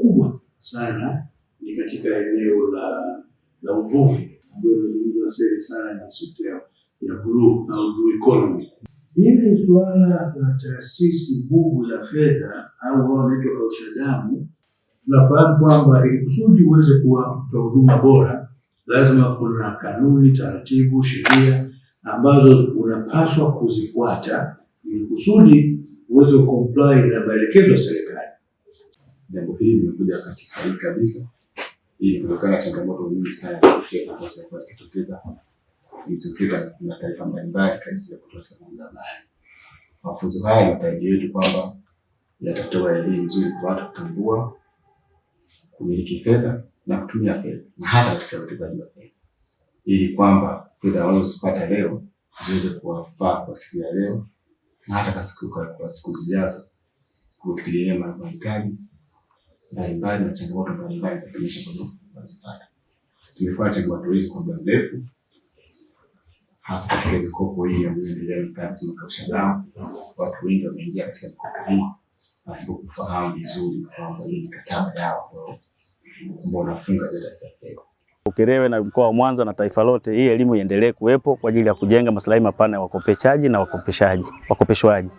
kubwa sana ni katika eneo la la uvuvi ambayo inazungumzwa seri sana na sekta ya bluu au bluu uh, economy. Hili suala la taasisi bubu za fedha au wao wanaitwa kaushadamu, tunafahamu kwamba ili kusudi uweze kuwa mtoa huduma bora, lazima kuna kanuni, taratibu, sheria ambazo unapaswa kuzifuata ili kusudi uweze kucomply na maelekezo ya serikali jambo hili limekuja wakati sahihi kabisa, ili kutokana na changamoto nyingi sana zikitokeza zilizojitokeza na taarifa mbalimbali kaisi ya kutosha kuunda habari. Mafunzo haya ni matarajio yetu kwamba yatatoa elimu nzuri kwa watu kutambua, kumiliki fedha na kutumia fedha, na hasa katika uwekezaji wa fedha, ili kwamba fedha wanazozipata leo ziweze kuwafaa kwa siku ya leo na hata kwa siku zijazo, kutegemea mahitaji mbalimbali na changamoto mbalimbali za kimaisha tunazopata. Tumekuwa changamoto hizi kwa muda mrefu, hasa katika mikopo hii ya maendeleo tunakausha nao. Watu wengi wameingia katika mikopo hii pasipo kufahamu vizuri kwamba hii mikataba yao ambao wanafunga itasafiri Ukerewe na mkoa wa Mwanza na taifa lote, hii elimu iendelee kuwepo kwa ajili ya kujenga maslahi mapana ya wakopeshaji na wakopeshaji wakopeshwaji.